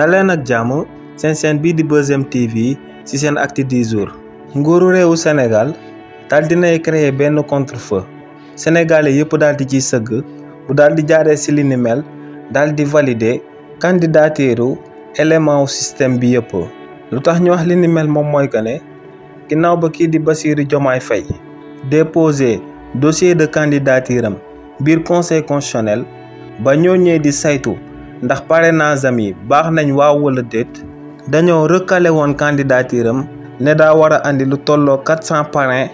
daleen ak jàmm seen seen bii di Buzz M TV ci seen acte du jour. réewu Sénégal daal dinay créer benn contre-feu sénégalais yëpp daal di ciy sëgg bu daal di jaaree ci li ni mel daal di valider élément système bi yëpp. lu tax ñu wax li moom mooy que ne ginnaaw ba kii di Bassirou Diomaye Faye déposer dossier de candidature am biir conseil constitutionnel ba ñoo ñëwee di saytu. ndax parrainage am yi baax nañ waaw wala déet dañoo recalé woon candidature am ne daa war a andi lu tolloo quatre cent parrain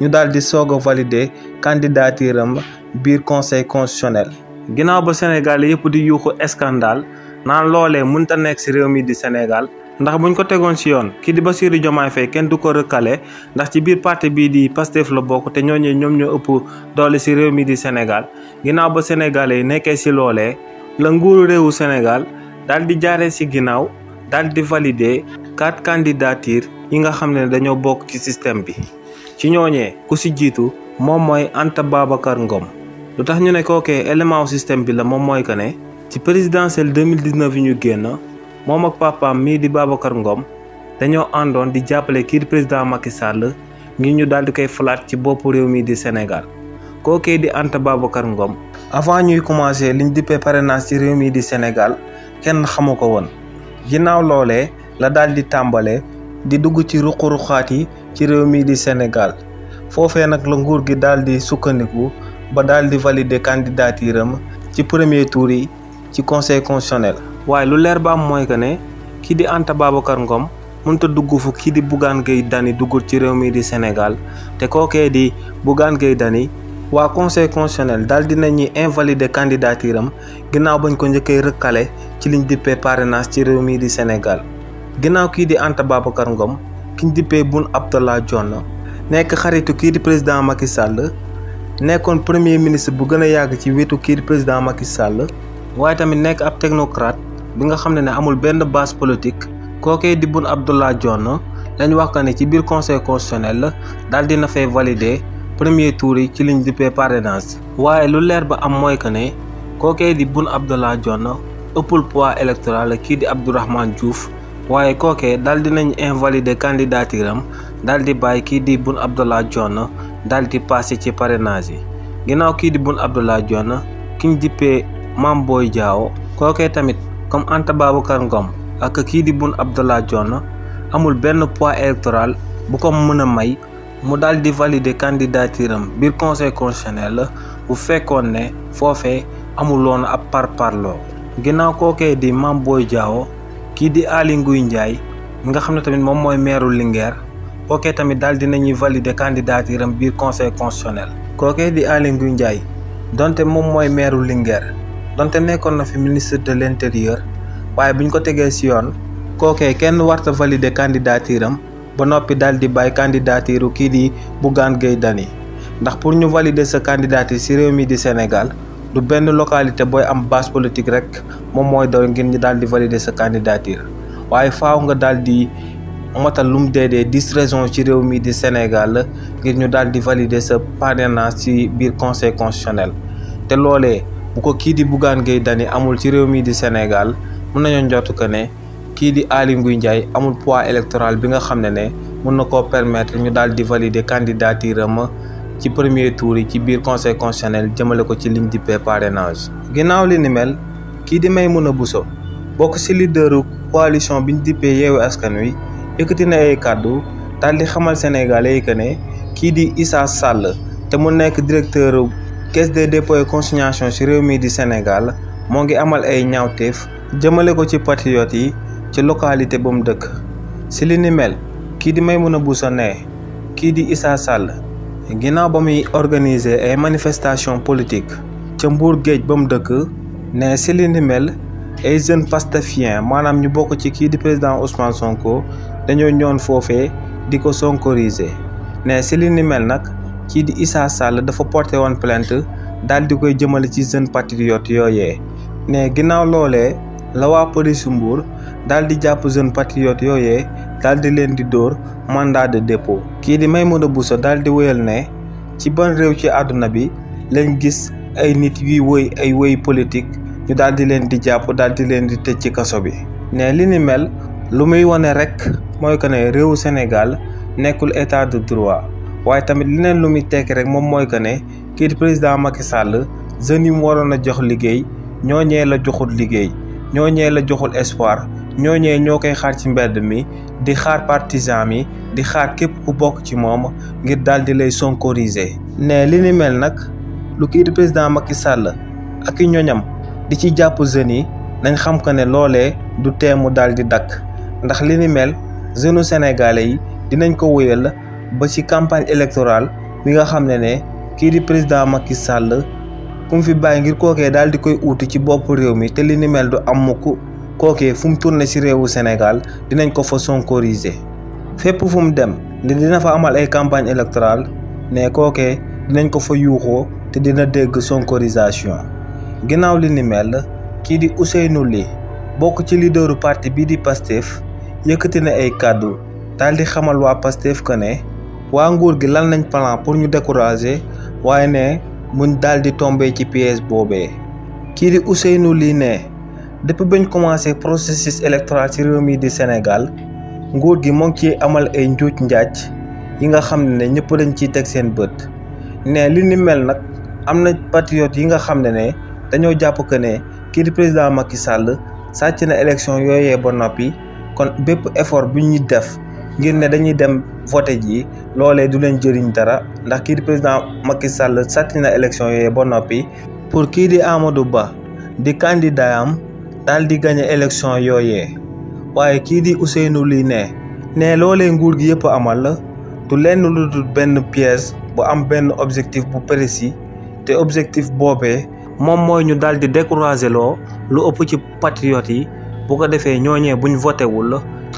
ñu daal di soog a valider candidature am biir conseil constitutionnel. ginnaaw ba Sénégal yëpp di yuuxu scandale naan loolee mënta nekk ci réew mi di Sénégal. ndax buñ ko tegoon ci yoon kii di ba Bassirou Diomaye Faye kenn du ko recalé ndax ci biir partie bii di Pastef la bokk te ñooñu ñoom ñoo ëpp doole ci réew mi di Sénégal ginnaaw ba sénégalais yi nekkee ci loolee. la nguuru réewu Sénégal daal di jaaree ci ginnaaw daal di valider quatre candidatures yi nga xam ne dañoo bokk ci système bi ci ñooñee ku ci jiitu moom mooy Anta Babacar Ngom lu tax ñu ne kookee élément wu système bi la moom mooy que ne ci présidentielle 2019 yi ñu génn moom ak papaam mii di Babacar Ngom dañoo àndoon di jàppale kii président Macky Sall ngir ñu daal di koy falaat ci bopp réew mii di Sénégal kookee di Anta Babacar Ngom avant ñuy commencé liñ dippee parrainage ci réew mii di Sénégal kenn xamu ko woon ginnaaw loole la daal di tàmbalee di dugg ci ruq-ruqaat yi ci réew mi di Sénégal foofe nag la nguur gi daal di sukkandiku ba daal di valider candidature ci premier tour yi ci conseil constitutionnel. waaye lu leer ba am mooy que ne kii di Anta Babacar Ngom mënut dugg fu kii di Bougane Gueye Dany duggul ci réew mii di Sénégal te kookee di Bougane Gueye wa conseil constitutionnel dal dina ñi invalider candidature am ginaaw bañ ko ñëkke rëkkale ci liñ dippé parrainage ci réew mi di sénégal ginaaw ki di anta babacar ngom kiñ dippé Boun abdallah jonn nek xaritu ki di président Macky Sall nekkon premier ministre bu gëna yag ci wétu ki di président Macky Sall waye tamit nek ab technocrate bi nga xamné ne amul benn base politique koké di Boun Abdallah John lañ wax ne ci biir conseil constitutionnel dal dina fay valider premier tour yi ci liñ dippee parrainage waaye lu leer ba am mooy que ne kookee di Boun Abdallah Dionne ëppul poids électoral kii di Abdourahmane Diouf waaye kookee daal di nañ invalider candidature am daal di bàyyi kii di Boun Abdallah Dionne daal di passé ci parrainage yi ginnaaw kii di Boun Abdallah Dionne kiñ dippee Mame Boye Diao kookee tamit comme Anta Babacar Ngom ak kii di Boun Abdallah Dionne amul benn poids électoral bu kom mën a may mu daal di valider candidature am biir conseil constitutionnel la bu fekkoon ne foofee amuloon ab parparloo ginnaaw kookee di Mame Boye kii di Aly Ngouille Ndiaye mu nga xam ne tamit moom mooy meeru Linguère kookee tamit daal dinañuy valider candidature am biir conseil constitutionnel kookee di Aly Ngouille Ndiaye donte moom mooy meeru Linguère donte nekkoon na fi ministre de l'intérieur waaye bu ñu ko tegee ci yoon kookee kenn warta valider candidature am ba noppi daal di bàyyi candidature kii di Bougane Gueye dani ndax pour ñu valider sa candidature ci réew mi di Sénégal du benn localité booy am base politique rek moom mooy doon ngir ñu daal di valider sa candidature waaye faaw nga daal di motal lum deedee dix raisons ci réew mi di Sénégal ngir ñu daal di valider sa parrainage ci biir conseil constitutionnel te loolee bu ko kii di Bougane Gueye dani amul ci réew mi di Sénégal mën nañoo njort que ne. kii di Aly Ngouille Ndiaye amul poids électoral bi nga xam ne ne mën na koo permettre ñu daal di valider candidature am ci premier tour yi ci biir conseil constitutionnel jëmale ko ci ligne di parenage ginnaaw li ni mel kii di may Maimouna Bousso bokk ci leaderu coalition bi ñu dippee yeewu askan wi yëkkati na ay kàddu daal di xamal Sénégalais yi que ne kii di Issa Sall te mu nekk directeur caisse des dépôts et consignation ci réew mii di Sénégal moo ngi amal ay ñaawteef jëmale ko ci patriote yi. ci localité ba mu dëkk si li ni mel kii di may Maimouna Bousso ne kii di Issa Sall ginnaaw ba muy organiser ay manifestation politique ca Mbour géej ba mu dëkk ne si li ni mel ay jeunes pastafien maanaam ñu bokk ci kii di président Ousmane Sonko dañoo ñoon foofee di ko sonkoriser ne si li mel nag kii di Issa Sall dafa porté woon plainte daal di koy jëmale ci jeune patriote yooye ne ginnaaw loolee la waa polisu Mbour daal di jàpp jeune patriote yooyee daal di leen di dóor mandat de dépôt. kii di Maimouna Bousso daal di wéyal ne ci ban réew ci àdduna bi lañ gis ay nit yuy woy ay woy politique ñu daal di leen di jàpp daal di leen di tëj ci kaso bi. ne li ni mel lu muy wane rek mooy que ne réewu Sénégal nekkul état de droit waaye tamit li neen lu muy tekki rek moom mooy que ne kii président Macky Sall jeunes yi mu waroon a jox liggéey ñooñee la joxut liggéey. ñooñee la joxul espoir ñooñee ñoo koy xaar ci mbedd mi di xaar partisan mi di xaar képp ku bokk ci moom ngir daal di lay sonkoriser. ne li ni mel nag lu kii président Macky Sall ak i ñooñam di ci jàpp jeunes yi nañ xam ko ne loolee du teemu daal di dakk ndax li ni mel jeune sénégalais yi dinañ ko la ba ci campagne électorale bi nga xam ne ne kii di président Macky Sall. ku mu fi bàyyi ngir kookee daal di koy uutu ci bopp réew mi te li ni mel du am mukk kookee fu mu tourné ci réewu Sénégal dinañ ko fa sonkoriser fépp fu mu dem ne dina fa amal ay campagne électorale ne kookee dinañ ko fa yuuxoo te dina dégg sonkorisation ginnaaw li ni mel kii di nu li bokk ci leaderu parti bii di Pastef yëkkati na ay kàddu daal di xamal waa Pastef que ne waa nguur gi lan nañ plan pour ñu décourager waaye ne mun daal di tombé ci piège boobee. kii di Ousseynou lii ne depuis bañ commencé processus électoral ci réew mi di Sénégal nguur gi moo ngi ciy amal ay njuuj njaaj yi nga xam ne ñëpp dañ ciy teg seen bët ne li ni mel nag am na patriote yi nga xam ne ne dañoo jàpp que ne kiir président Macky sàll sàcc na élection yooyee ba noppi kon bépp effort bu ñuy def ngir ne dañuy dem voté ji loolee du leen jëriñ dara ndax kiir président Macky Sall sàtti na élection yooyu ba noppi pour kii di Amadou Ba di candidat am daal di gagné élection yooye waaye kii di Ousseynou li ne ne loole nguur gi yëpp amal du lenn lu dul benn pièce bu am benn objectif bu précis te objectif boobee moom mooy ñu daal di décourager loo lu ëpp ci patriotes yi bu ko defee ñooñee buñ voté wul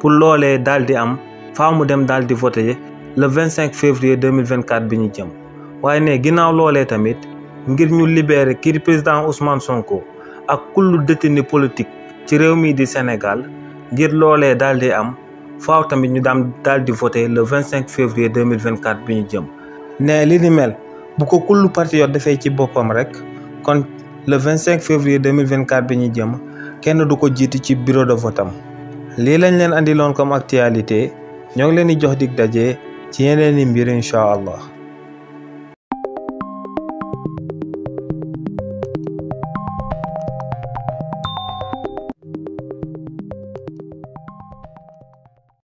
pour loolee daal di am faaw mu dem daal di voté le 25 février 2024 bi ñu jëm waaye ne ginnaaw loolee tamit ngir ñu libérer kii di président Ousmane Sonko ak kullu détenu politique ci réew mii di Sénégal ngir loolee daal di am faaw tamit ñu daam daal di voté le 25 février 2024 bi ñu jëm ne li ni mel bu ko kullu patriote defee ci boppam rek kon le 25 février 2024 bi ñu jëm kenn du ko jiit ci bureau de vote am lii lañ leen andiloon comme actualité ñoo ngi leen di jox dig daje ci yeneen i mbir incha allah